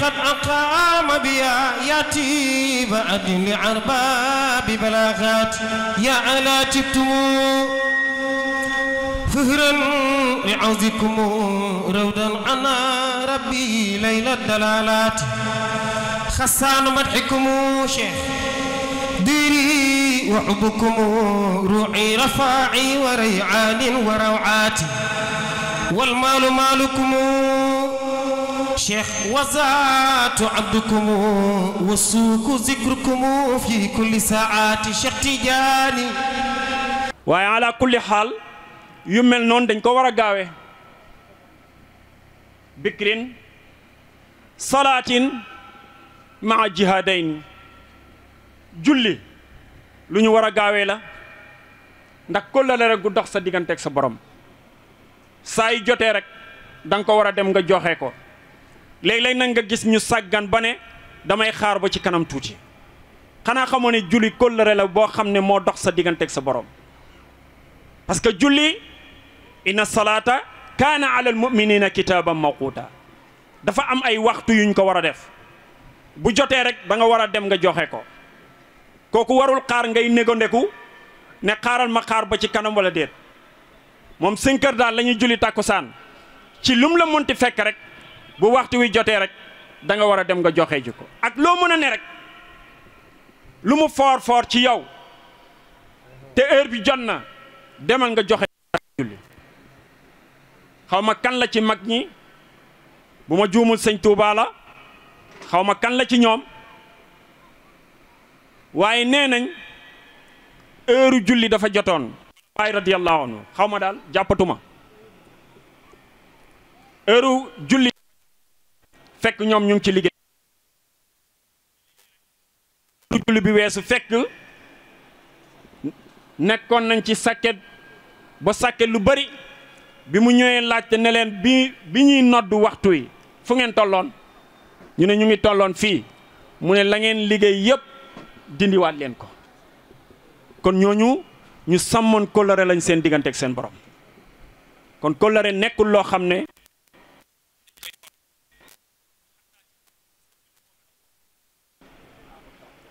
قد أقام ياتي بعد لأرباب بلاغات يا ألا جبتم فهرا لعوزكم رودا عنا ربي ليلة الدلالات خسان مدحكم شيخ ديري وحبكم روعي رفاعي وريعان وروعات والمال مالكم cheikh wazaatu abdukum wa suuku zikrukum fi kulli saati cheikh Tidiane. waaye ala kulli xaal yu mel noonu dañ ko war a gaawe bikrin salaatin maa jihaadayn julli lu ñu war a gaawe la ndax kóllale rek gu dox sa digganteeg sa borom saay jotee rek da ko war a dem nga joxe ko léeg-léeg nag nga gis ñu sàggan ba ne damay xaar ba ci kanam tuuti xanaa xamoo ne julli kóllëre la boo xam ne moo dox sa digganteeg sa borom parce que julli inna salaata kaana alal muminina kitaaban mawquuta dafa am ay waxtu yuñ ko war a def bu jotee rek da nga war a dem nga joxe ko kooku warul xaar ngay négondeku ne xaaral ma xaar ba ci kanam wala déet moom cinq daal lañuy julli tàkkusaan ci lum la mënti fekk rek bu waxtu wi jotee rek da nga war a dem nga joxee ji ko ak loo mën a ne rek lu mu foor foor ci yow te heure bi jot na demal nga joxe julli xaw ma kan la ci mag ñi bu ma juumul sëñ Tuubaa la xaw ma kan la ci ñoom waaye nee nañ heure julli dafa jotoon waaye radiyallahu anhu xaw ma daal jàppatuma heure julli fekk ñoom ñu ngi ci liggéey julli bi weesu fekk nekkoon nañ ci sàkket ba sàkket lu bari bi mu ñëwee laajte ne leen bi bi ñuy nodd waxtu yi fu ngeen tolloon ñu ne ñu ngi tolloon fii mu ne la ngeen liggéey yépp dindiwaat leen ko kon ñooñu ñu sàmmoon kóllëre lañ seen seen borom kon kóllëre nekkul loo xam ne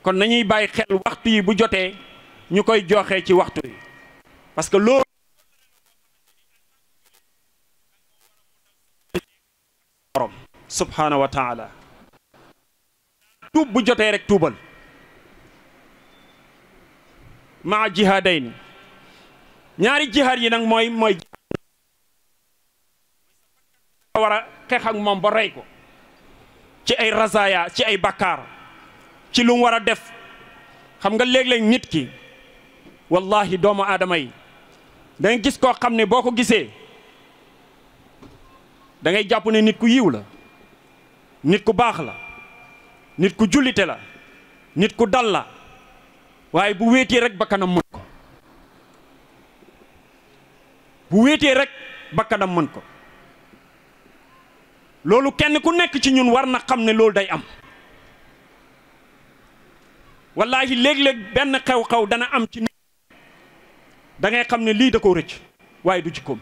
kon nañuy bàyyi xel waxtu yi bu jotee ñu koy joxe ci waxtu yi parce que loolu borom subhaanahu wa taala tuub bu jotee rek tuubal maa jihaadayn ñaari jihaad yi nag mooy mooy war a xeex ak moom ba rey ko ci ay razaya ci ay bakkaar ci lu mu war a def xam nga léeg-léeg nit ki wallahi doomu aadama yi da gis koo xam ne boo ko gisee dangay jàpp ne nit ku yiw la nit ku baax la nit ku jullite la nit ku dal la waaye bu wéetee rek bakkanam mën ko bu wéetee rek bakkanam mën ko loolu kenn ku nekk ci ñun war na xam ne loolu day am والله ليغ ليغ بن خاو خاو دانا ام سي نيت داغي خامني لي داكو ريت واي دو سي كوم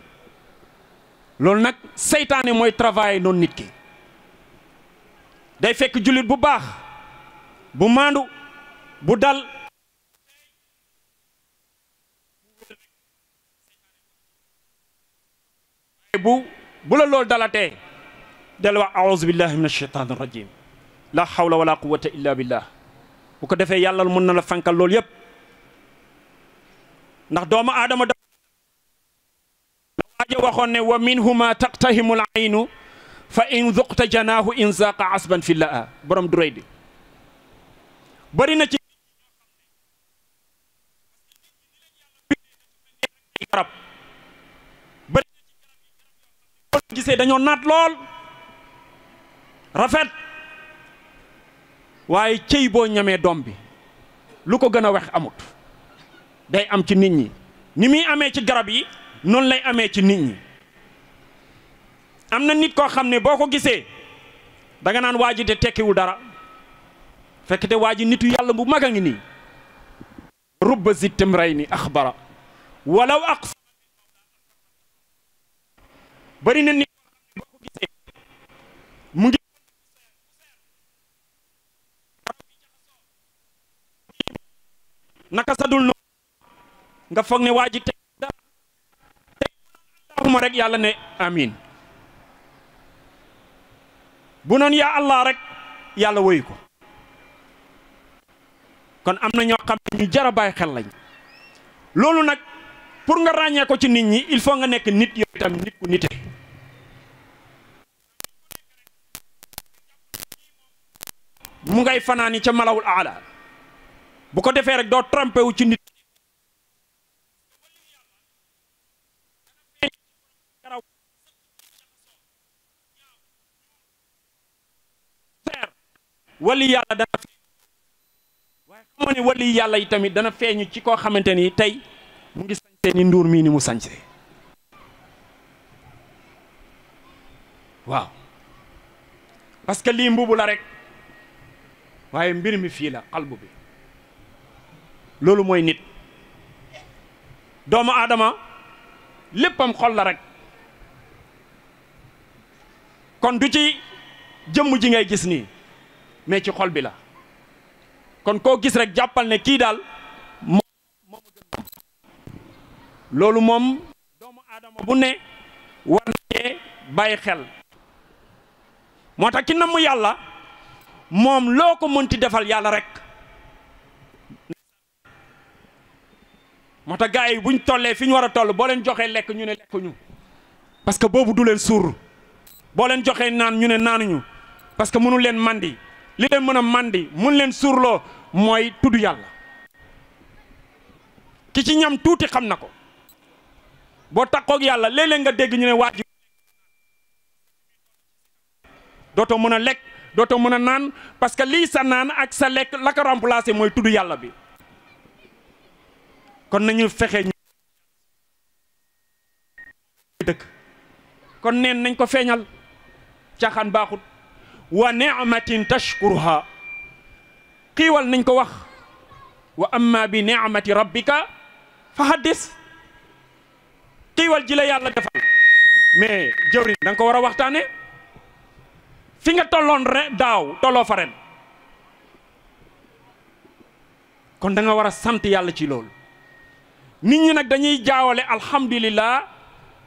لول ناك شيطان موي ترافاي نون نيت كي داي فك جوليت بو باخ بو ماندو بو دال بو بولا لول دالاتي دلوا اعوذ بالله من الشيطان الرجيم لا حول ولا قوه الا بالله bu ko defee yàlla mën na la fankal loolu yépp ndax doomu aadama da waaja waxoon ne wa minhuma taqtahimu l fa in zuqta janaahu in zaqa asban fi laa borom duray di na ci garab bëri ci garab gisee dañoo naat lool rafet waaye cëy boo ñamee doom bi lu ko gën a wex amut day am ci nit ñi ni muy amee ci garab yi noonu lay amee ci nit ñi am na nit koo xam ne boo ko gisee danga naan waa ji de tekkiwul dara fekk te waa ji nitu yàlla bu mag a ngi nii rubba si tam rey ni axbara walaw ak bëri na nit naka sadul noonu nga foog ne waa ji teg allahuma rek yàlla ne amin bu noon yaa allah rek yàlla woyu ko kon am na ñoo xam ne ñu jara bàyyi xel lañ loolu nag pour nga ràññee ko ci nit ñi il faut nga nekk nit yow itam nit ku nite mu ngay fanaani ca malawul aala bu ko defee rek doo trompé wu ci nit wali yàlla dana yàlla yi tamit dana feeñu ci koo xamante ni tey mu ngi sañse ni nduur mii ni mu sañse waaw parce que lii mbubu la rek waaye mbir mi fii la xalbu bi loolu mooy nit doomu aadama léppam xol la rek kon du ci jëmm ji ngay gis nii mais ci xol bi la kon koo gis rek jàppal ne kii daal moom moom loolu moom doomu aadama bu ne war nañee bàyyi xel moo tax ki namm yàlla moom loo ko mënti defal yàlla rek moo tax gars yi buñ tollee fi ñu war a toll booleen leen joxee lekk ñu ne lekkuñu parce que boobu du leen suur boo leen joxee naan ñu ne naanuñu parce que mënu leen mandi li leen mën a mandi mun leen suurloo mooy tudd yàlla ki ci ñam tuuti xam na ko boo takkoog yàlla léeg-léeg nga dégg ñu ne waaj dootoo mën a lekk dootoo mën a naan parce que lii sa naan ak sa lekk la ko mooy tudd yàlla bi kon nañu fexe dëkk kon neen nañ ko feeñal caaxaan baaxut wa ni'matin tashkuruha xiiwal nañ ko wax wa amma bi ni'mati rabbika fa haddis xiiwal ji la yàlla defal mais jëwriñ danga ko war a waxtaane fi nga tolloon re daaw tolloo fa ren kon danga war a sant yàlla ci loolu nit ñi nak dañuy jaawale alhamdulillah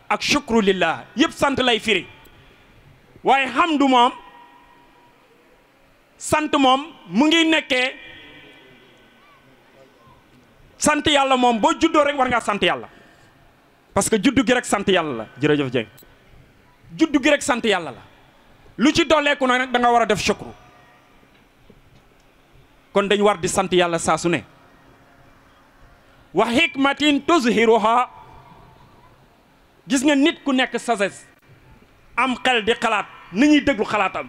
ak shukru lillah yëpp lay firi waye hamdu mom sante mom mu ngi nekké sante yalla santiala, bo juddo rek war nga sante yalla parce que juddu gi rek sante yalla la jeuf juddu gi rek sante yalla la lu ci ko nak da nga war def shukru kon dañ war di santiala yalla sa su ne wa hikmatin tuzhiruha gis nga nit ku nekk sagesse am xel di xalaat ni ñuy déglu xalaatam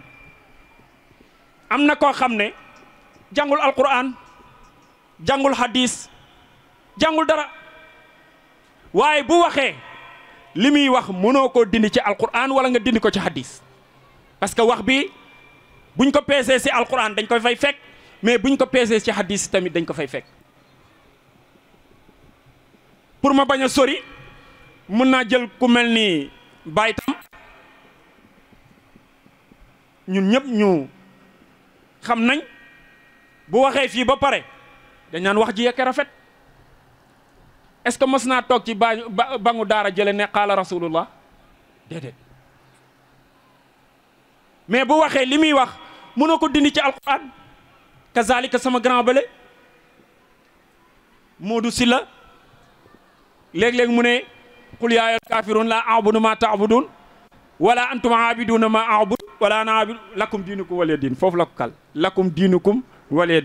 am na koo xam ne jàngul alquran jàngul hadis jàngul dara waaye bu waxee li muy wax mënoo ko dindi ci alquran wala nga dindi ko ci hadis parce que wax bi buñ ko peesee si alquran dañ ko fay fekk mais buñ ko peesee ci hadis tamit dañ ko fay fekk pour ma bañ a sori mën naa jël ku mel ni Baye Tam ñun ñëpp ñu xam nañ bu waxee fii ba pare dañ wax ji yekk rafet est-ce que mos naa toog ci ba bangu daara jële ne qaala rasulullah mais bu waxee li muy wax na ko dindi ci alquran kazalika sama grand bële Modou Sylla léeg-léeg mu ne qul yaa ayyuhal kaafiruun laa a'budu maa ta'buduun wala antum aabiduuna maa a'bud wala ana aabidu lakum diinukum waliya diin foofu la ko kal lakum diinukum waliya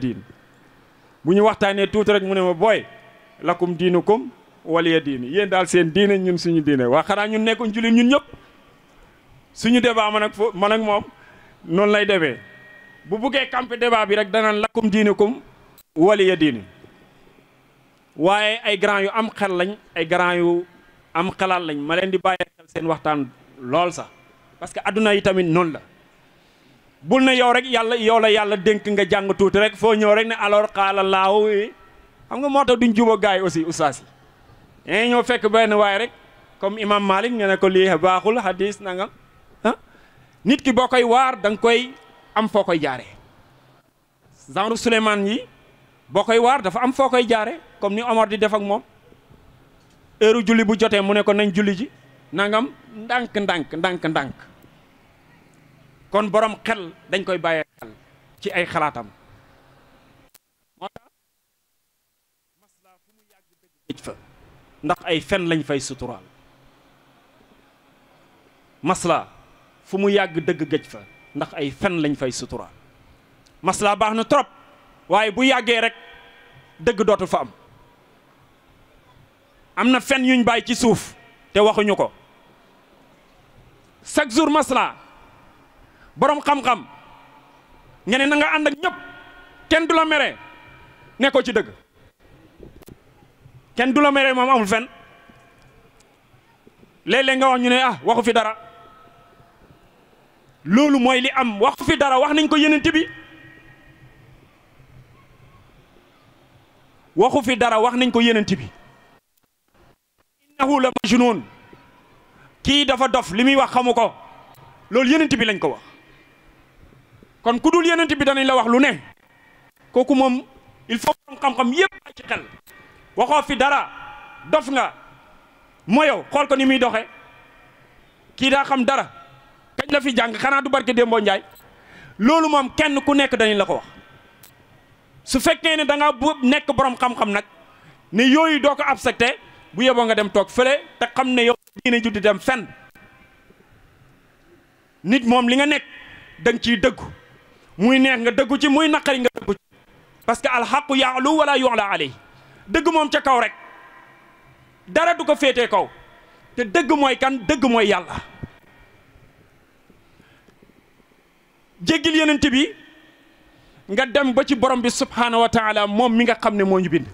bu ñu waxtaanee tuuti rek mu ne ma booy lakum diinukum waliya diin yéen daal seen diine ñun suñu diine waa xanaa ñun nekkuñ jullit ñun ñëpp suñu débat man ak fo man ak moom noonu lay demee bu buggee campé débat bi rek danaan lakum diinukum waliya diin waaye ay grand yu am xel lañ ay grand yu am xalaat lañ ma leen di bàyyi xel seen waxtaan lool sax parce que adduna yi tamit noonu la bul ne yow rek yàlla yow la yàlla dénk nga jàng tuuti rek foo ñëw rek ne alors xaala laaw xam nga moo tax duñ juba gars yi aussi oustaz yi dañuy eh, ñëw fekk benn waaye rek comme imam Malik nga ne ko lii baaxul hadis na nga ah. nit ki boo koy waar danga koy am foo koy jaaree genre Souleymane yi boo koy waar dafa am foo koy jaaree. comme ni Omar di def ak mom heure julli bu joté mu ne ko nañ julli ji nangam ndank ndank ndank ndank kon borom xel dañ koy baye xel ci ay xalaatam moo fu mu yàgg dëgg fa ndax ay fen lañ fay sutural. masla fu mu yag deug gëj fa ndax ay fen lañ fay sutural. masla baxna trop waye bu yagge rek deug dotul fa am am na fen yuñ bàyyi ci suuf te waxuñu ko chaque jour masla boroom xam-xam nga ne na nga ànd ak ñëpp kenn du la mere nekkoo ci dëgg kenn du la mere moom amul fen léeg-léeg nga wax ñu ne ah waxu fi dara loolu mooy li am waxu fi dara wax nañ ko yeneen bi waxu fi dara wax nañ ko yenent bi innahu la majnun kii dafa dof li muy wax xamu ko loolu yenent bi lañ ko wax kon ku dul yenent bi danañ la wax lu ne kooku moom il faut xam-xam yépp a xel waxoo fi dara dof nga moyow xool ko ni muy doxe kii daa xam dara kañ la fi jàng xanaa du barke Dembo Njaay loolu moom kenn ku nekk dañu la ko wax su fekkee ne danga nga nekk boroom xam-xam nag ne yooyu doo ko accepté bu yeboo nga dem toog fële te xam ne yow diine juddi dem fenn nit moom li nga nekk da ciy dëggu muy neex nga dëggu ci muy naqari nga dëggu ci parce que alxaqu yaalu wala la aley dëgg moom ca kaw rek dara du ko féetee kaw te dëgg mooy kan dëgg mooy yàlla jéggil yonent bi nga dem ba ci borom bi subhaanahu wa taala moom mi nga xam ne moo ñu bind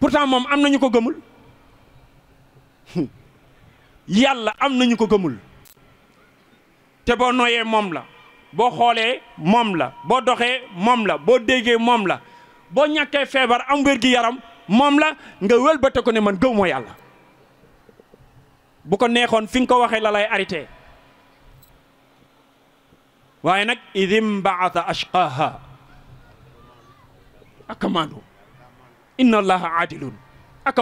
pourtant moom am nañu ko gëmul yàlla am nañu ko gëmul te boo noyee moom la boo xoolee moom la boo doxee moom la boo déggee moom la boo ñàkkee feebar am wér gi yaram moom la nga wëlbate ko ne man gëw moo yàlla bu ko neexoon fi nga ko waxee la lay waaye nag idim baata ashqaha inna allaha aadilun ak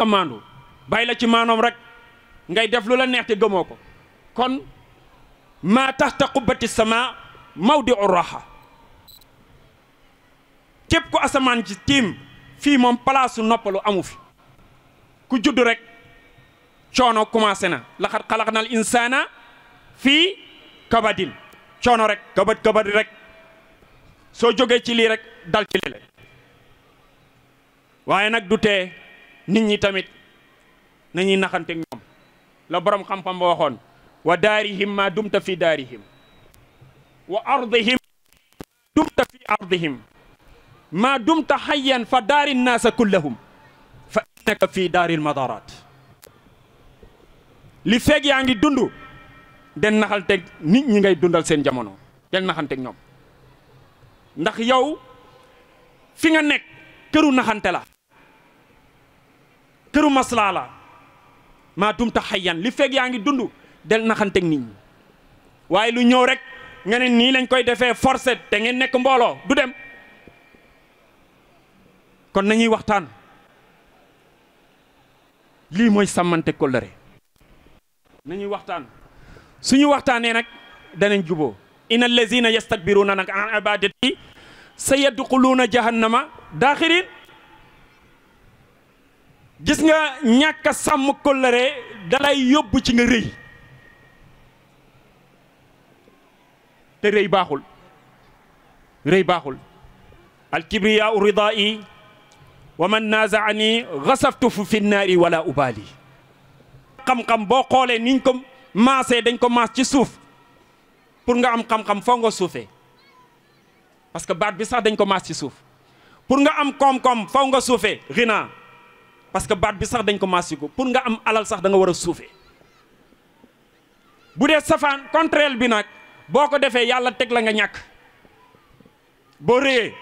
a bàyyi la ci maanoom rek ngay def lu la neex te gëmoo ko kon maa taxta qubbati sama mawdi uraha képp ku asamaan ci tiim fii moom palaasu noppalu amu fi ku judd rek coono commencé na laxat xalaq na insaana fii kabadin coono rek kabad rek soo jogee ci lii rek dal ci waaye nag du nit ñi tamit nañuy naxante ñoom la borom xam-xam ba wa daarihim ma dumta fi daarihim wa ardihim dumta fi ardihim ma dumta xayyan fa daari nnaasa kullahum fa innaka fi daaril madaraat li feeg yaa ngi dund den naxal teg nit ñi ngay dundal seen jamono del naxante ñoom ndax yow fi nga nek këru naxante la këru masla la maa dumta li fek yaangi dundu del naxante nit ñi waye lu ñew rek nga ne ni lañ koy defé forcé te ngeen nek mbolo du dem kon nañuy waxtaan moy samanté ko kóllëre nañuy waxtaan suñu waxtaanee nak danañ jubo إن الذين يستكبرون عن عبادتي سيدخلون جهنم داخرين gis nga ñàkk a sàmm kóllëre dalay yóbbu ci nga rëy te rëy baaxul rëy baaxul alkibriya u ridaa'i wa man naazaani xasaftu fu fi naari wala ubaali xam-xam boo xoolee niñ ko maasee dañ ko maas ci suuf pour nga am xam-xam fo nga soufé parce que baat bi sax dañ ko mass ci souf pour nga am kom kom fo nga soufé rina parce que baat bi sax dañ ko mass ci ko pour nga am alal sax da nga wara soufé boudé bu dee safaan bi nak boko défé yalla tek la nga ñak bo réé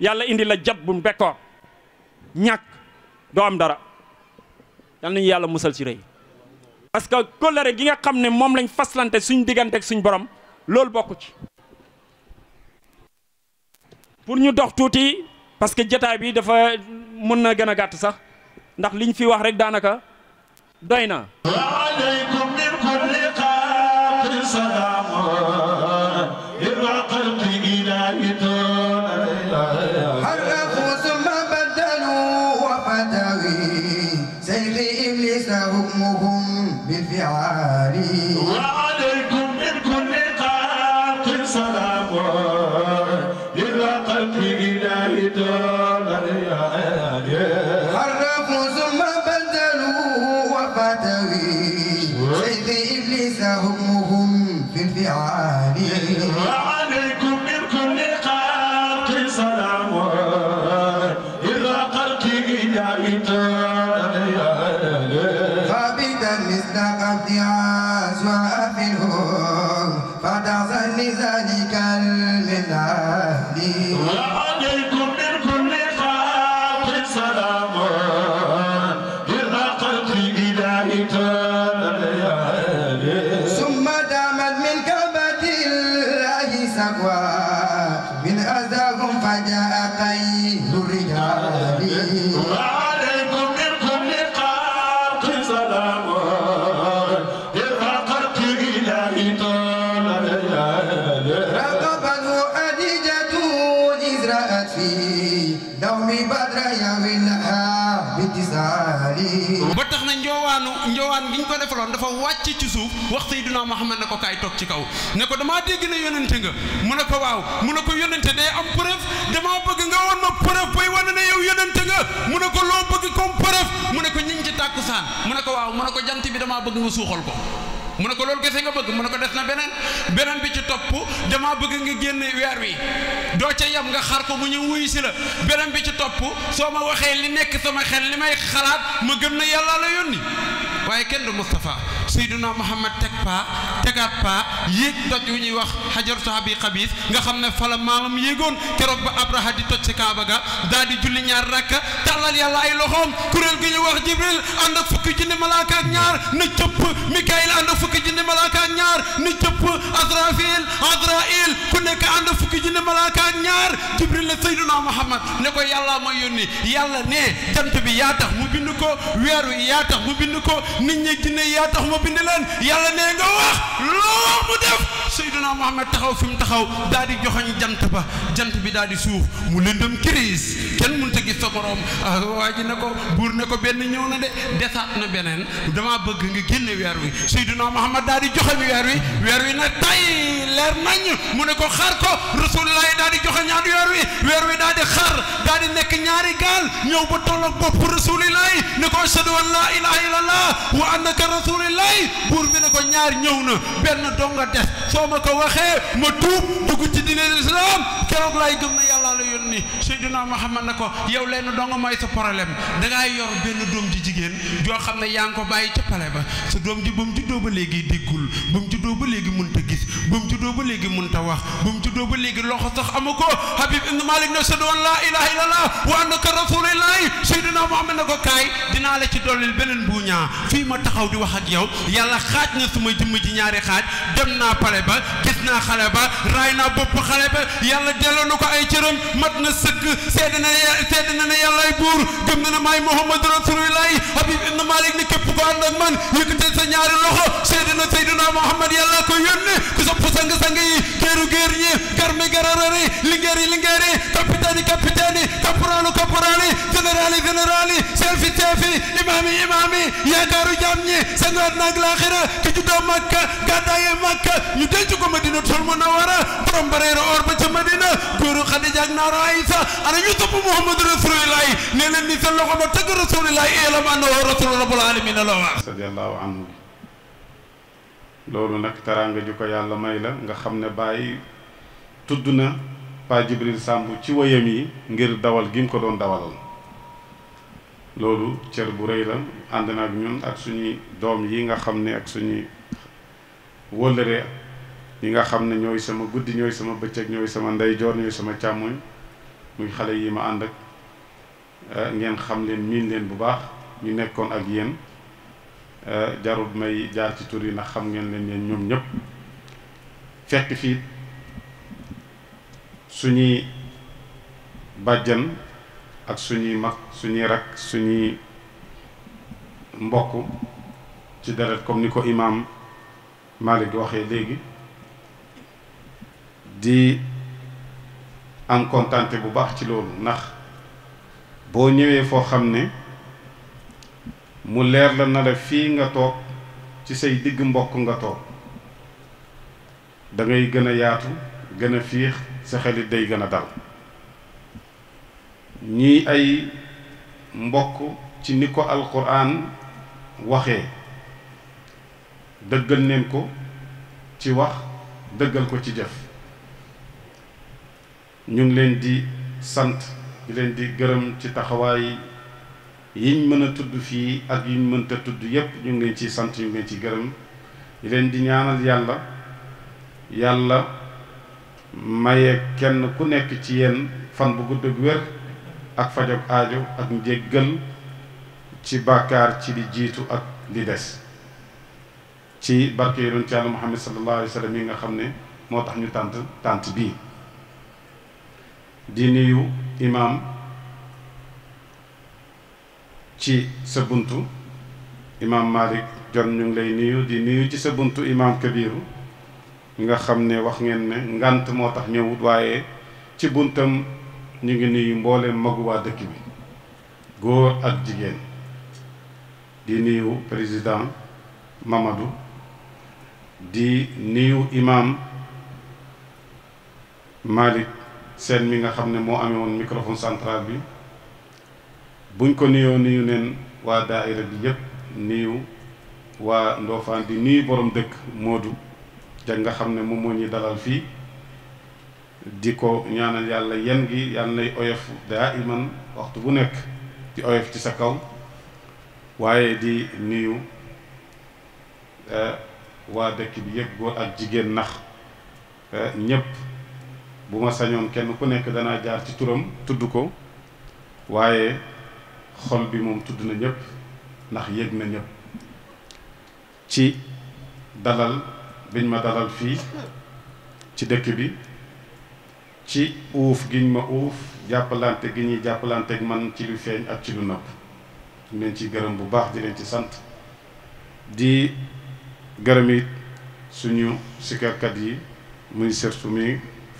yalla indi la jat bu mbekkoor ñàkk am dara yalla ñu yalla musal ci réé parce que kóllëre gi nga xam ne moom lañ faslante suñ diggante ak suñ borom loolu bokku ci pour ñu dox tuuti parce que jataay bi dafa mën na gën a gàtt sax ndax liñ fi wax rek daanaka doy na Pyari. Wow. ci kaw ne ko damaa dégg ne yónnante nga mu ne ko waaw mu ne ko yónnante day am preuve damaa bëgg nga woon ma preuve bay wane ne yow yónnante nga mu ne ko loo bëgg comme preuve mu ne ko ñi ngi ci saan mu ne ko waaw mu ne ko jant bi damaa bëgg nga suuxal ko mu ko lol kese nga bëgg mu ko def na benen benen bi ci top dama bëgg nga génne wër wi do ca yam nga xar ko mu ñu wuy ci la benen bi ci top soo ma li nekk sama xel limay xalaat ma gëm na yalla la yoni waye kenn du Muhammad tekpa, pa tegat pa yéeg tok yu ñuy wax hajar sahabi xabis nga xamne ne fala maamam yegon kérok ba Abraha di tok ci Kaaba ga dal di julli ñaar rak talal yalla ay loxom kurel gi ñuy wax Jibril and ak fukki junni malaaka ak ñaar na cëpp and ak fukki junni malaaka ak ñaar ni cëpp Asrafil Azrail ku nekk ànd fukki junni malaaka ak ñaar Jibril la Seydina Muhammad ne ko yàlla ma yónni yàlla ne jant bi yaa tax mu bind ko weer wi yaa tax mu bind ko nit ñi jinne yaa tax mu bind leen yàlla ne nga wax loo wax mu def Seydina Muhammad taxaw fi mu taxaw daal di joxoñ jant ba jant bi daal di suuf mu lëndëm crise kenn mënut a gis sa borom ah, waa ji ne ko buur ne ko benn ñëw na de desaat na beneen dama bëgg nga Muhammad daal di joxe weer wi weer wi na mu ne ko xar ko rasulullah daal di joxe ñaari weer wi weer wi daal di xar daal di nekk ñaari gaal ñëw ba tolloog bopp rasulullah ne ko ashhadu la laa ilaha illallah wa annaka rasulullah buur bi ne ko ñaar ñëw na benn donga des soo ma ko waxee ma tuub dugg ci diine islam keroog laay gëm na yàlla yónni Seydina Muhammad na ko yow lenn dong mooy sa problème dangaa yor benn doom ji jigéen joo xam ne yaa ngi ko bàyyi ca pale ba sa doom ji ba mu juddoo ba léegi déggul ba mu juddoo ba léegi mënut a gis ba mu juddoo ba léegi mënut a wax ba mu juddoo ba léegi loxo sax amu ko Habib ibn Malik ne ashhadu an laa wa annaka rasuulullaah Seydina na ko kaay dinaa la ci dollil beneen buuñaa fii ma taxaw di wax ak yow yàlla xaaj na suma jëmm ji ñaari xaaj dem naa pale ba gis naa xale ba raay naa bopp xale ba yàlla delloo na ko ay cëram mat na seede na seede na ne yàllaay gëm na maay Muhammadu Rasulullahi Habib ibn Malik ne képp ko ànd ak man yëkkate sa ñaari loxo seede na Seydina Muhammad yàlla ko yónne ku sopp sang-sang yi géeru géer ñi garme gararari lingeer yi lingeer yi capitaine yi capitaine yi caporal caporal yi général yi général yi chef yi chef yi imaam yi imaam yi yaakaaru jaam ñi sangaat naag laaxira ki juddoo Makka gàddaaye Makka ñu denc ko Madinatul Munawwara borom bareera or ba Madina góoru Xadija naar raayta ana ñu topp muhammad rasulullah ne leen ni sa loxo ba tëgg rasulillah elam annahu rasulullah rabbul alamin la wax sallallahu anhu lolu nak taranga juko yalla may la nga xamne ne tuduna pa jibril sambu ci wayam yi ngir dawal gim ko don dawal lolu cer bu reey la ànd na ak ñun ak suñu dom yi nga xamne ak suñu wolere yi nga xamne ñoy sama guddi ñoy sama becc ñoy sama jor ñoy sama chamoy muy xale yi ma ànd ak eh, ngeen xam leen miin leen bu baax ñu nekkoon ak yéen eh, jarul may jaar ci tur yi ndax xam ngeen leen yéen ñoom ñëpp fekk fii suñuy bàjjan ak suñuy mag suñuy rak suñuy mbokk ci deret comme ni ko imaam Malik waxee léegi di am kontante bu baax ci loolu ndax boo ñëwee foo xam ne mu leer la na la fii nga toog ci say digg mbokk nga toog da ngay gën a yaatu gën a fiix sa xelit day gën a dal ñi ay mbokk ci ni ko alquran waxee dëggal neen ko ci wax dëggal ko ci jëf ñu ngi leen di sant di leen di gërëm ci taxawaay yiñ mën a tudd fii ak yiñ mënta tudd yépp ñu ngi leen ci sant ñu ngi leen ciy gërëm di leen di ñaanal yàlla yàlla maye kenn ku nekk ci yéen fan bu gudd ak wér ak fajog aajo ak njéggal ci bàkkaar ci di jiitu ak di des ci barke yonent Yàlla Muhammad sallallahu alayhi wa sallam yi nga xam ne moo tax ñu tànt tànt bii di nuyu imaam ci sa buntu imaam Malick John ñu ngi lay nuyu di nuyu ci sa buntu imaam Kabiru nga xam ne wax ngeen ne ngant moo tax ñëwut waaye ci buntam ñu ngi nuyu mboole maguwaa dëkk bi góor ak jigéen di nuyu président Mamadou di niyu imaam Malick seen mi nga xam ne moo amee woon microphone central bi buñ ko nuyoo nuyu neen waa daaira bi yëpp nuyu waa Ndofane di nuyu boroom dëkk moodu jag nga xam ne moom moo ñuy dalal fii di ko ñaanal yàlla yen gi yàlla nay oyof daa iman waxtu bu nekk di oyof ci sa kaw waaye di nuyu eh, waa dëkk bi yëpp góor ak jigéen nax eh, ñëpp bu ma sañoon kenn ku nekk danaa jaar ci turam tudd ko bi moom tudd na ñëpp ndax yëg na ci dalal biñ ma dalal fii ci dëkk bi ci uuf giñ ma uuf jàppalante gi ñuy man ci lu feeñ ak ci lu nëpp ci gërëm bu baax sant di gërëm suñu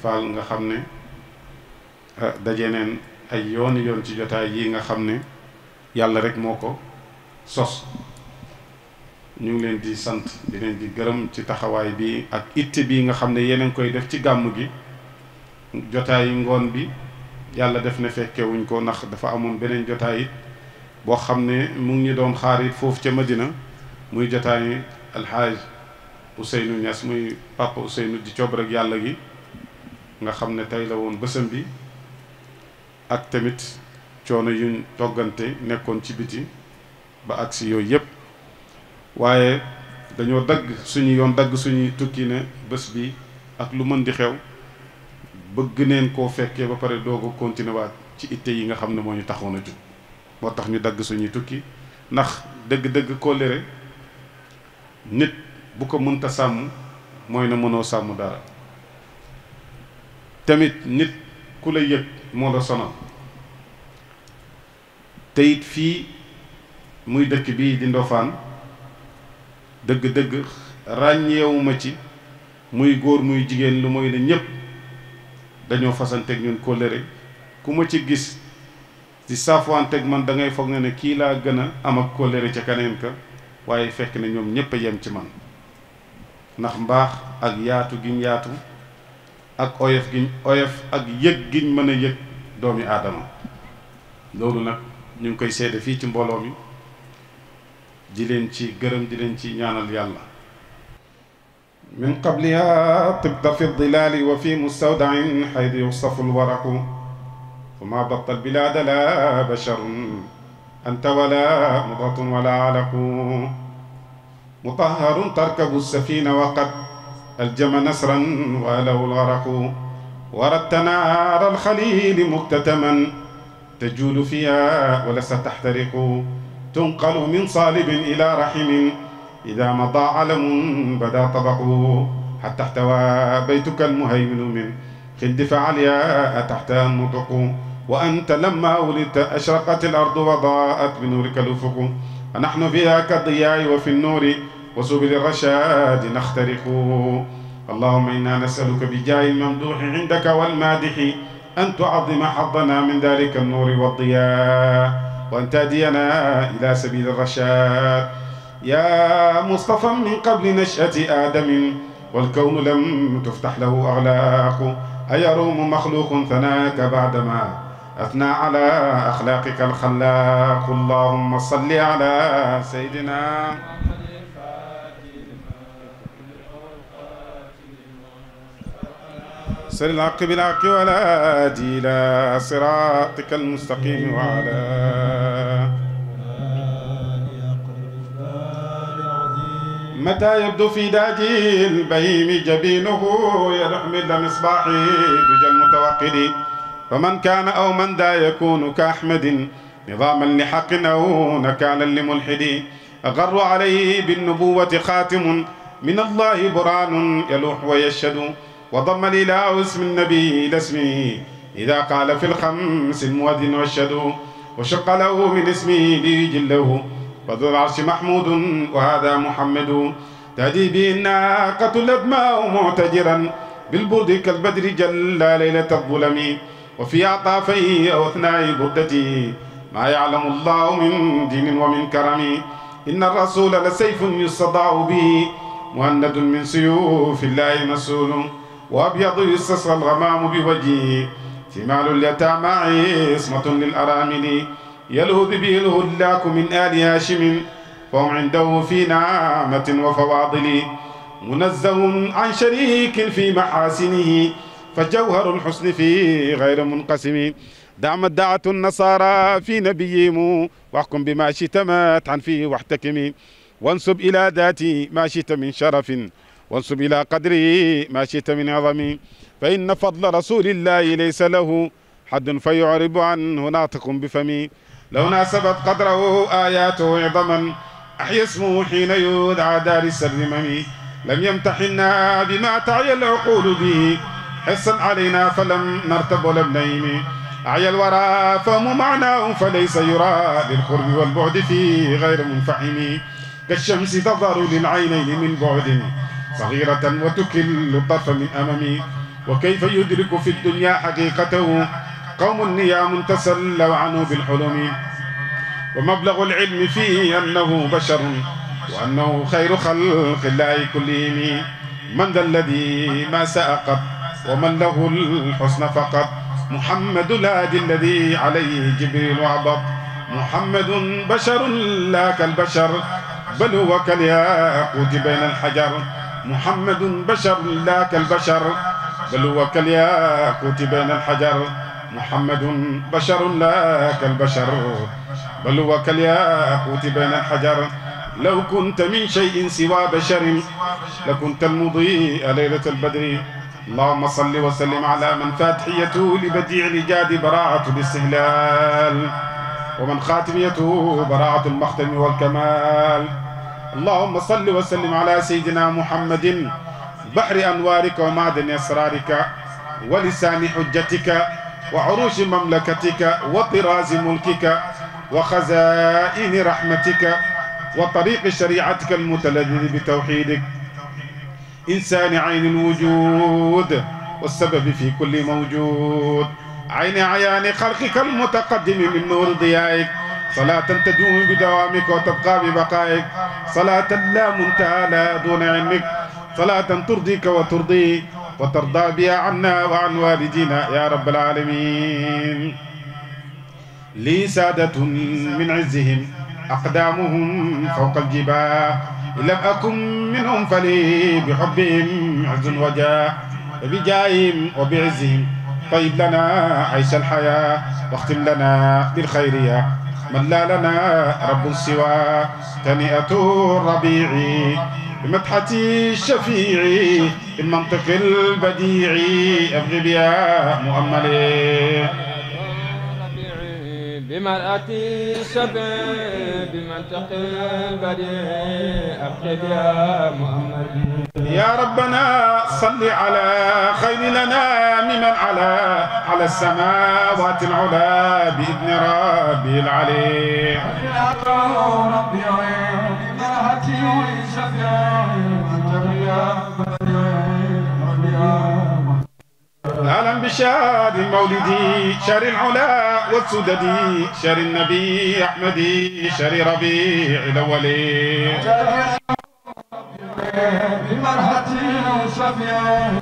Fall nga xam ne ah, daje neen ay yoon yoon ci jotaay yi nga xam ne yàlla rek moo ko sos ñu ngi leen di sant di leen di gërëm ci taxawaay bi ak itte bi nga xam ne yeneen koy def ci gàmm gi jotaay ngoon bi yàlla def na fekkewuñ ko ndax dafa amoon beneen jotaay it boo xam ne mu ngi ñu doon xaar foofu ca Madina muy jotaay alxaaj Ousseynou Niass muy papa Ousseynou di coob rek yàlla gi nga xam ne tay la woon bësam bi ak tamit coono yu toggante nekkoon ci biti ba agsi yooyu yépp waaye dañoo dagg suñu yoon dagg suñuy tukki ne bés bi ak lu mën di xew bëgg neen koo fekkee ba pare doog a continuer ci itte yi nga xam ne moo ñu taxoon a jug moo tax ñu dagg suñuy tukki ndax dëgg-dëgg kóllëre nit bu ko mënta sàmm mooy na mënoo sàmm dara tamit nit ku la yëg moo la sonal te fii muy dëkk bii di Ndofaan dëgg-dëgg ràññeewuma ci muy góor muy jigéen lu mooy ne ñépp dañoo fasanteeg ñun kóllëre ku ma ci gis ci saafuwanteeg man dangay foog na ne kii laa gën a am ak ca kaneen waaye fekk na ñoom ñépp a yem ci man ndax mbaax ak yaatu gi yaatu ak oyef giñ oyef ak yegg giñ mëna yegg doomi aadama lolu nak ñu koy sédé fi ci mbolo mi di leen ci gëreem di leen ci ñaanal yàlla min qabliha tibda fi dilali wa fi mustawdain xaydi yusafu lwaraku fama batta albilada la basharun anta wala mudatun wala alaqu mutaharun tarkabu safina waqad الجم نسرا وله الغرق وردت نار الخليل مكتتما تجول فيها ولست تحترق تنقل من صالب إلى رحم إذا مضى علم بدا طبق حتى احتوى بيتك المهيمن من خلد فعليا تحت النطق وأنت لما ولدت أشرقت الأرض وضاءت بنورك الأفق ونحن فيها كالضياء وفي النور وسبل الرشاد نخترق اللهم إنا نسألك بجاه الممدوح عندك والمادح أن تعظم حظنا من ذلك النور والضياء وأن تهدينا إلى سبيل الرشاد يا مصطفى من قبل نشأة آدم والكون لم تفتح له أغلاق أيروم مخلوق ثناك بعدما أثنى على أخلاقك الخلاق اللهم صل على سيدنا سر الحق بالحق ولا ديلا صراطك المستقيم وعلى متى يبدو في داجي البهيم جبينه يحمل مصباحي دجى المتوقد فمن كان أو من ذا يكون كأحمد نظاما لحق أو نكالا لملحد أغر عليه بالنبوة خاتم من الله بران يلوح ويشهد وضم الإله اسم النبي إلى اسمه إذا قال في الخمس المؤذن والشدو وشق له من اسمه ليجله فذو العرش محمود وهذا محمد تهدي به الناقة الأدماء معتجرا بالبرد كالبدر جل ليلة الظلم وفي أعطافيه أو أثناء بردته ما يعلم الله من دين ومن كرم إن الرسول لسيف يصدع به مهند من سيوف الله مسؤول وأبيض يستسقى الغمام بوجهه ثمال اليتامى عصمة للأرامل يلهب به الهلاك من آل هاشم فهم عنده في نعمة وفواضل منزه عن شريك في محاسنه فجوهر الحسن فيه غير منقسم دعمت دعة النصارى في نبيهم واحكم بما شئت عن فيه واحتكم وانسب إلى ذاتي ما شئت من شرف وانصب إلى قدره ما شئت من عظم فإن فضل رسول الله ليس له حد فيعرب عنه ناطق بفمي لو ناسبت قدره آياته عظما أحيا اسمه حين يدعى دار السر ممي لم يمتحنا بما تعي العقول به حصا علينا فلم نرتب ولم نيم أعيا الورى فهم معناه فليس يرى للقرب والبعد فيه غير منفعم كالشمس تظهر للعينين من بعد صغيرة وتكل الطرف من أمامي وكيف يدرك في الدنيا حقيقته قوم نيام تسلوا عنه بالحلم ومبلغ العلم فيه أنه بشر وأنه خير خلق الله كلهم من ذا الذي ما سأقط ومن له الحسن فقط محمد الهادي الذي عليه جبريل وعبط محمد بشر لا كالبشر بل هو كالياقوت بين الحجر محمد بشر لا كالبشر بل هو كالياقوت بين الحجر محمد بشر لا كالبشر بل هو كالياقوت بين الحجر لو كنت من شيء سوى بشر لكنت المضيء ليلة البدر اللهم صل وسلم على من فاتحيته لبديع الإيجاد براعة الاستهلال ومن خاتميته براعة المختم والكمال اللهم صل وسلم على سيدنا محمد بحر أنوارك ومعدن أسرارك ولسان حجتك وعروش مملكتك وطراز ملكك وخزائن رحمتك وطريق شريعتك المتلذذ بتوحيدك إنسان عين الوجود والسبب في كل موجود عين عيان خلقك المتقدم من نور ضيائك صلاة تدوم بدوامك وتبقى ببقائك صلاة لا منتهى لها دون علمك صلاة ترضيك وترضيك وترضى بها عنا وعن والدينا يا رب العالمين لي سادة من عزهم أقدامهم فوق الجباه إن لم أكن منهم فلي بحبهم عز وجاه وبجاههم وبعزهم طيب لنا عيش الحياة واختم لنا بالخير يا من لا لنا رب سوى تنئة الربيع بمدحة الشفيع المنطق البديع أبغي بها مؤملي بمرأة الشبع بمنطق البديع أبغي بها مؤملي يا ربنا صل على خير لنا ممن على على السماوات العلا بإذن ربي العلي أهلا بشاد مولدي شر العلا والسددي شر النبي أحمدي شر ربيع الأولي بمرحتي وشفيعي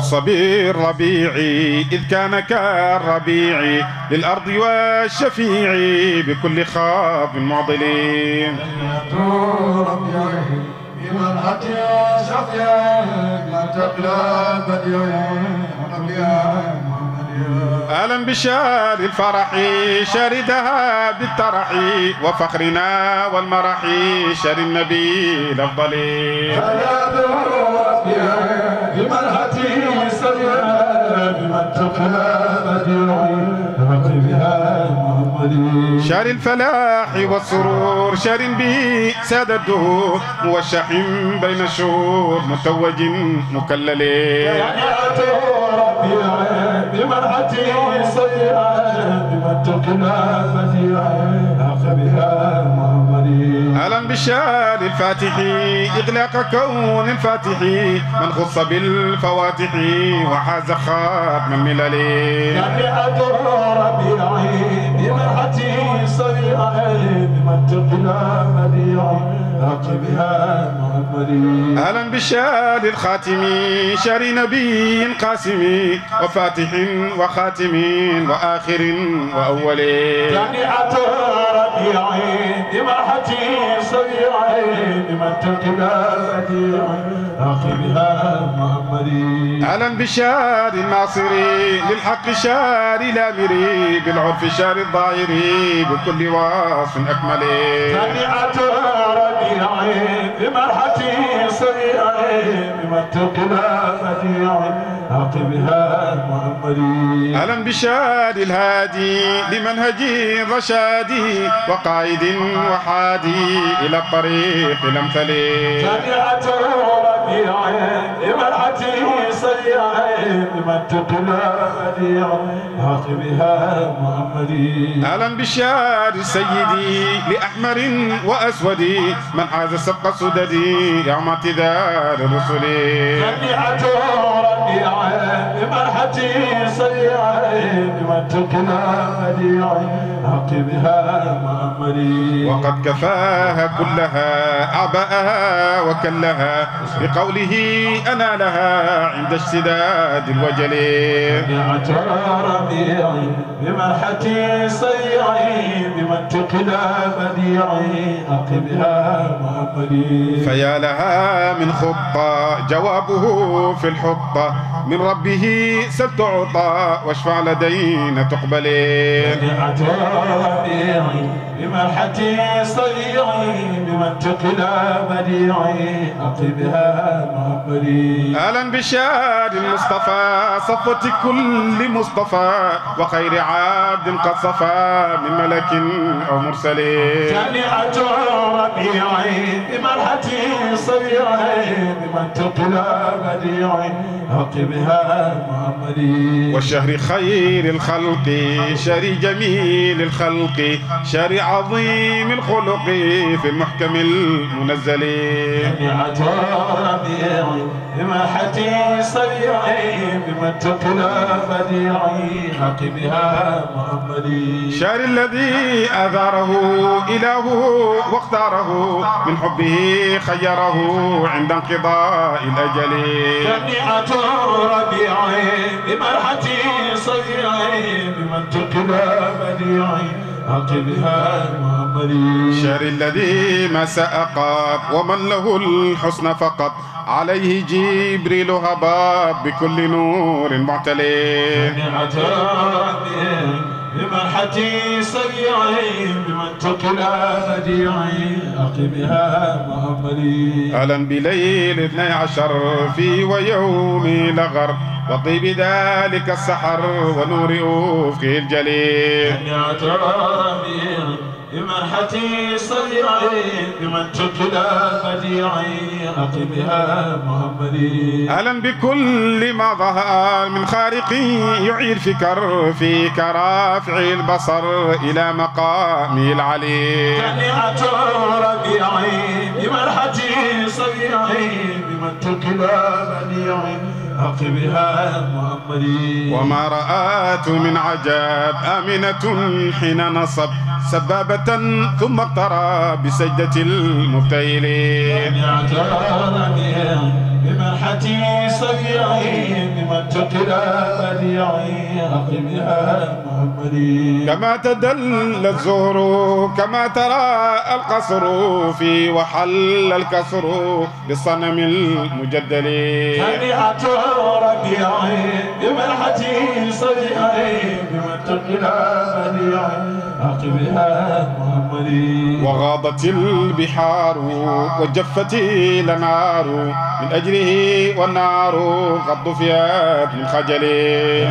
وانتفي إذ كان كالربيعي للأرض والشفيعي بكل خاف معضلي ربيعي بمن أتي شفيعي لا تقلب بديعي أهلا بشار الفرح شاردها بالترح وفخرنا والمرح شر النبي الأفضل بمرحته سريا بمن تقى شهر الفلاح والسرور شهر به ساد الدهور موشح بين الشهور متوج مكلل ربي يا بمرأتي صيرا بمتقنا مذيعا أخذها محمدي ألم بشار الفاتح إغلاق كون الفاتح من خص بالفواتح وحاز خاتم الملل جميعة يعني ربيعي بمرأتي صيرا بمتقنا مذيعا أهلا بالشاد الخاتم شر نبي قاسم وفاتح وخاتم وآخر وأول جميعة يعني ربيعي بمرحتي صبيعي بمنتقب البديعي أهلا بالشار الناصري للحق شار الأمري بالعرف شار الظاهري بكل واصف أكمل تبعة ربي يعني بديعي بمنطقنا أهلا بشاد الهادي بمنهجي رشادي وقائد وحادي إلى الطريق الأمثلي تبعته ربيعي بمرحتي سريعي دائما محمدي اهلا بشار سيدي لاحمر واسود من حاز سبق سددي يوم اعتذار رسلي بها وقد كفاها كلها اعباءها وكلها بقوله انا لها عند اجتدار العاد الوجل بمرحتي صيعي بمنطق لا بديعي أقبها محمدي فيا لها من خطة جوابه في الحطة من ربه سبت عطى واشفع لدينا تقبلي بمرحتي صيعي بمنطق لا بديعي أقبها محمدي أهلا بشار المصطفى صفا صفوة كل مصطفى وخير عبد قد صفى من ملك أو مرسل جامعة ربيعي بمرحة صبيعي بمن تقلى بديعي عقبها محمدي والشهر خير الخلق شهر جميل الخلق شهر عظيم الخلق في المحكم المنزل جامعة ربيعي بمرحة صبيعي بمن تطلى بديعي حق بها محمدي شعر الذي أثاره إله واختاره من حبه خيره عند انقضاء الأجل جميعة ربيعي بمرحتي صديعي بمن تطلى بديعي أقبها وأمري شر الذي مساء قاب ومن له الحسن فقط عليه جبريل هباب بكل نور معتلي لمرحتي صديعي بمنطق الأبديعي أقبها مأملي أهلا بليل 12 في ويوم لغر وطيب ذلك السحر ونور أفقه الجليل بمرحتي صديعي بمن تبتلى بديعي أقبها محمدي أهلا بكل ما ظهر من خارقي يعيد فكر في كرافع البصر إلى مقامي العلي تنعة ربيعي بمرحتي صديعي بمن تبتلى بديعي عقبها مؤمري وما رآت من عجاب آمنة حين نصب سبابة ثم اقترى بسجدة المبتهلين محتي صبيعي بمن أذيعي أقم يا محمدي كما تدل الزهر كما ترى القصر في وحل الكسر بالصنم المجدل تبعة ربيعي بمنحتي صديعي بمن أذيعي وغاضت البحار وجفت الانهار من اجله والنار قد فيها من خجله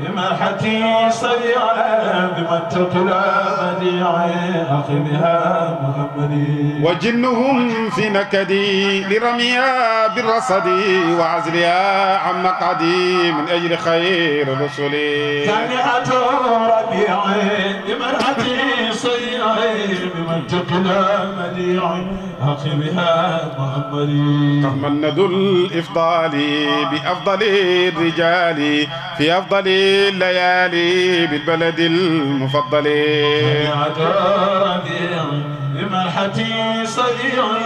بمرحتي صديعة بمتة مديعة أخي بها محمدي وجنهم في نكدي لرميها بالرصد وعزلها عن مقعدي من أجل خير الرسل تنعة ربيعي بمرحتي السيئة بمنطقنا مديع أخي بها محمدي تمنى ذو الإفضال بأفضل الرجال في أفضل الليالي بالبلد المفضل ربيع بمرحتي صديعي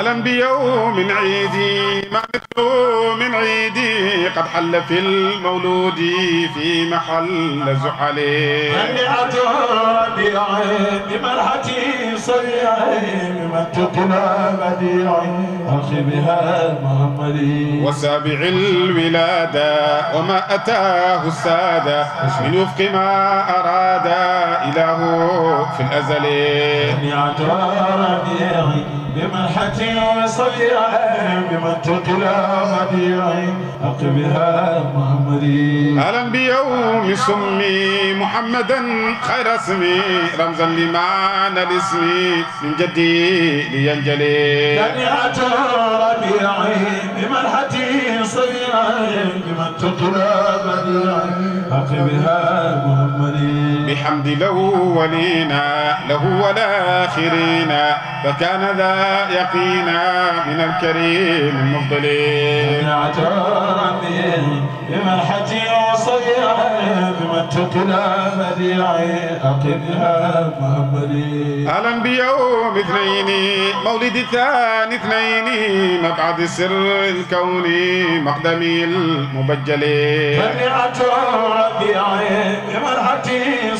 ألم بيوم عيدي ما مثله من عيدي قد حل في المولود في محل زحلي هنيئة ديعي بمرحتي صيعي بمن تقنا مديعي أخي بها مأمري وسابع الولادة وما أتاه السادة من وفق ما أراد إله في الأزل يا ربيعي بمنحة وصديعي بمنطق مبيعي أقبها مهمري أهلا بيوم سمي محمدا خير اسمي رمزا لمعنى الاسم من جدي لينجلي دنيعة ربيعي بمنحة صديعي بمنطق مبيعي أقبها مهمري بحمد له ولينا له والآخرين فكان ذا يقينا من الكريم المفضل بمنحتي وصديعي بمنطق لا بديع أقبها مأملي أهلا بيوم اثنين مولد الثاني اثنين مبعد سر الكون مقدمي المبجلي فديعة ربيعي بمنحتي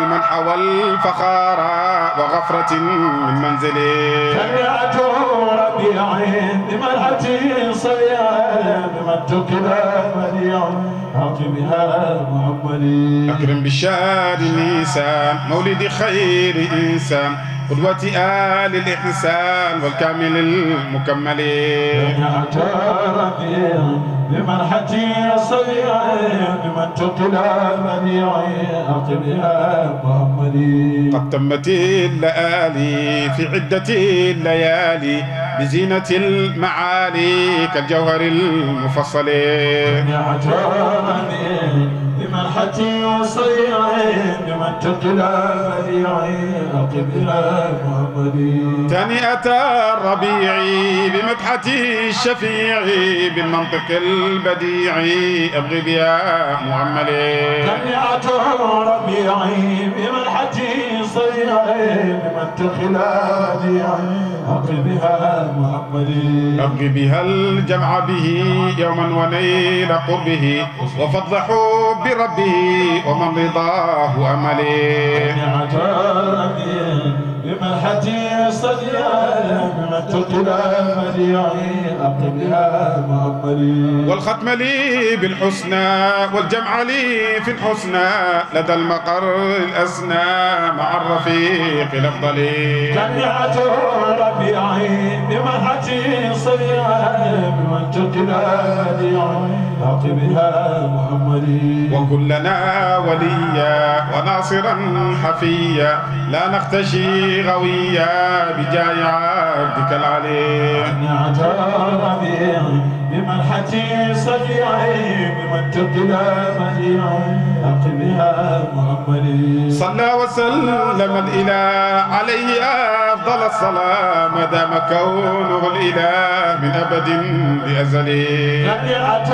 لمن حوى الفخار وغفرة من منزلي سمعت ربيعي بمرأتي صبيا بمن تكب مليع بها محمدي أكرم بالشهر نيسان مولد خير إنسان قدوة آل الإحسان والكامل المكمل يا ربي لمن حجي صغيري لمن تقل منيعي أقل يا محمدي قد تمت الليالي في عدة الليالي بزينة المعالي كالجوهر المفصل يا ربي لمن حجي تقلا بديعي الربيع بمدحة الشفيع بالمنطق البديع أبغي بها محمد تنئة الربيع بمدحة صي بها أبق بها الجمع به يوما ونيل قربه وفضل بربه ومن رضاه أملي والختم لي بالحسنى والجمع لي في الحسنى لدى المقر الأسنى مع الرفيق الأفضل جمعته ربيعي بملحتي صديا لما تقلامني بها مأمري وكلنا وليا وناصرا حفيا لا نختشي غير الهوية بجاي عبدك العلي بمنحة صفيعي بمن لا مليع أقبها محمد صلى وسلم الإله عليه أفضل الصلاة ما دام كونه الإله من أبد لأزل ربيعة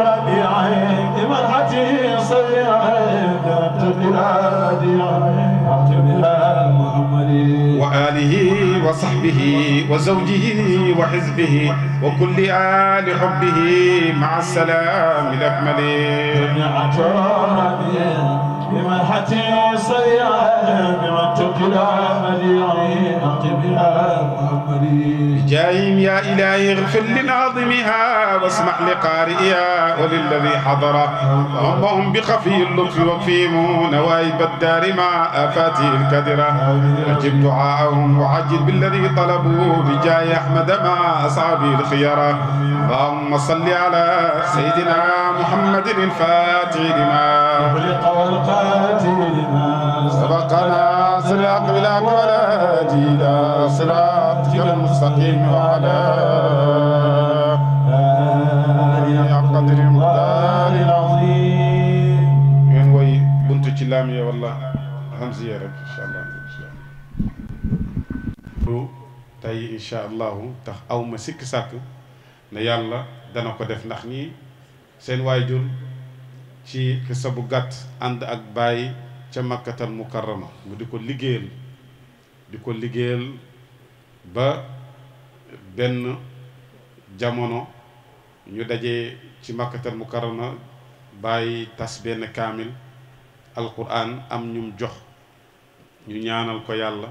ربيعي بمنحتي صفيعي بمنطق لا مليع وآله وصحبه وزوجه وحزبه وكل آل حبه مع السلام الأكمل جايم يا إلهي اغفر لناظمها واسمح لقارئها وللذي حضر اللهم بخفي اللطف وكفيهم نوائب الدار مع آفاته الكدرة أجب دعاءهم وعجل بالذي طلبوه بجاي أحمد مع أصحابه الخيرة اللهم صل على سيدنا محمد الفاتح لما خلق هادينا سبقنا صراط بلا ولا هادينا صراطك المستقيم وعلى قدر مقدار عظيم ين وي بنت كلام يا والله همزية رك إن شاء الله tey incha allahu tax awma sikk sàkk ne yàlla dana ko def ndax ñii seen waay jur ci xisa gàtt ànd ak bàyyi ca makkatal mukarrama mu di ko liggéeyal di ko liggéeyal ba benn jamono ñu daje ci makkatal mukarrama bàyyi tas benn kaamil alquran am ñum jox ñu ñaanal ko yàlla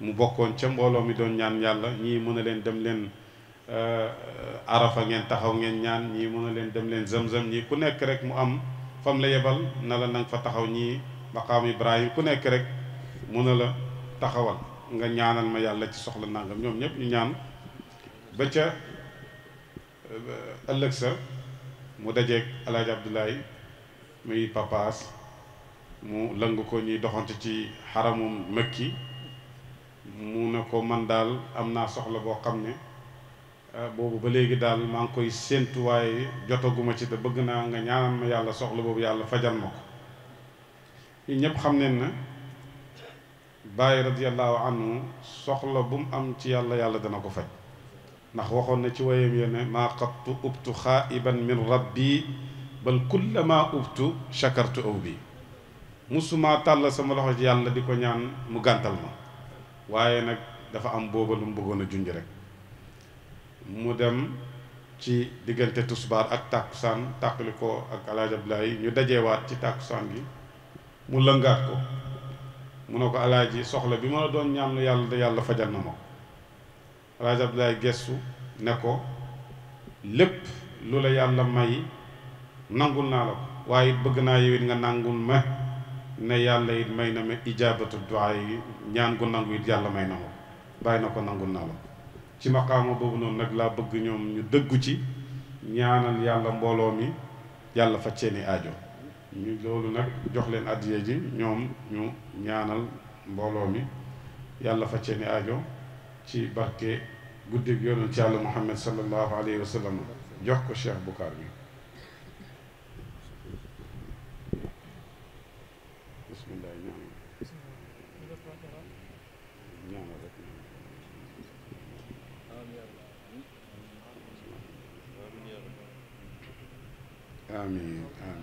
mu bokkoon ca mbooloo mi doon ñaan yàlla ñii mën a leen dem leen euh, arafa ngeen taxaw ngeen ñaan ñii mën a leen dem leen zam-zam ñii ku nekk rek mu am fam la yebal na la nañ fa taxaw ñii maqaam Ibrahim ku nekk rek mun a la taxawal nga ñaanal ma yàlla ci soxla nangam ñoom ñépp ñu ñaan ba ca euh, ëllëg sa mu dajeeg El Hadj muy papaas mu lëng ko ñuy doxante ci xaramum Mekki mu ne ko man daal am naa soxla boo xam ne. Euh, boobu ba léegi daal maa ngi koy séentu waaye jotaguma ci te bëgg naa nga ñaanal ma yàlla soxla boobu yàlla fajal ma ko ñun ñëpp xam nañ na bàyyi radiyallahu anhu soxla bu mu am ci yàlla yàlla dana ko faj ndax waxoon na ci wayam yo ne maa qattu ubtu xaa'iban min rabbi bal kullama ubtu shakartu aw bi musuma tàll sama loxo ci yàlla di ko ñaan mu gàntal ma waaye nag dafa am booba lu mu bëggoon a junj rek mu dem ci diggante tusbaar ak tàkkusaan tàqali ko ak alaaj Abdoulaye ñu dajewaat ci tàkkusaan gi mu lëngaat ko mu ne ko alaaji soxla bi ma la doon ñaan yàlla yàlla fajal na ma ko alaaj Abdoulaye gestu ne ko lépp lu la yàlla may nangul naa la ko waaye bëgg naa yow it nga nangul ma ne yàlla it may na ma ijaabatu duaa yi ñaan gu nangu it yàlla may na ma bàyyi na ko nangul naa la ci maqaama boobu noonu nag laa bëgg ñoom ñu dëggu ci ñaanal yàlla mbooloo mi yàlla faj seeni aajo ñu loolu nag jox leen addiya ji ñoom ñu ñaanal mbooloo mi yàlla faj seeni aajo ci barke guddig yonent ci yàlla muhammad sallallahu alayhi wa sallam jox ko cheikh bukaar bi Amém. Amém.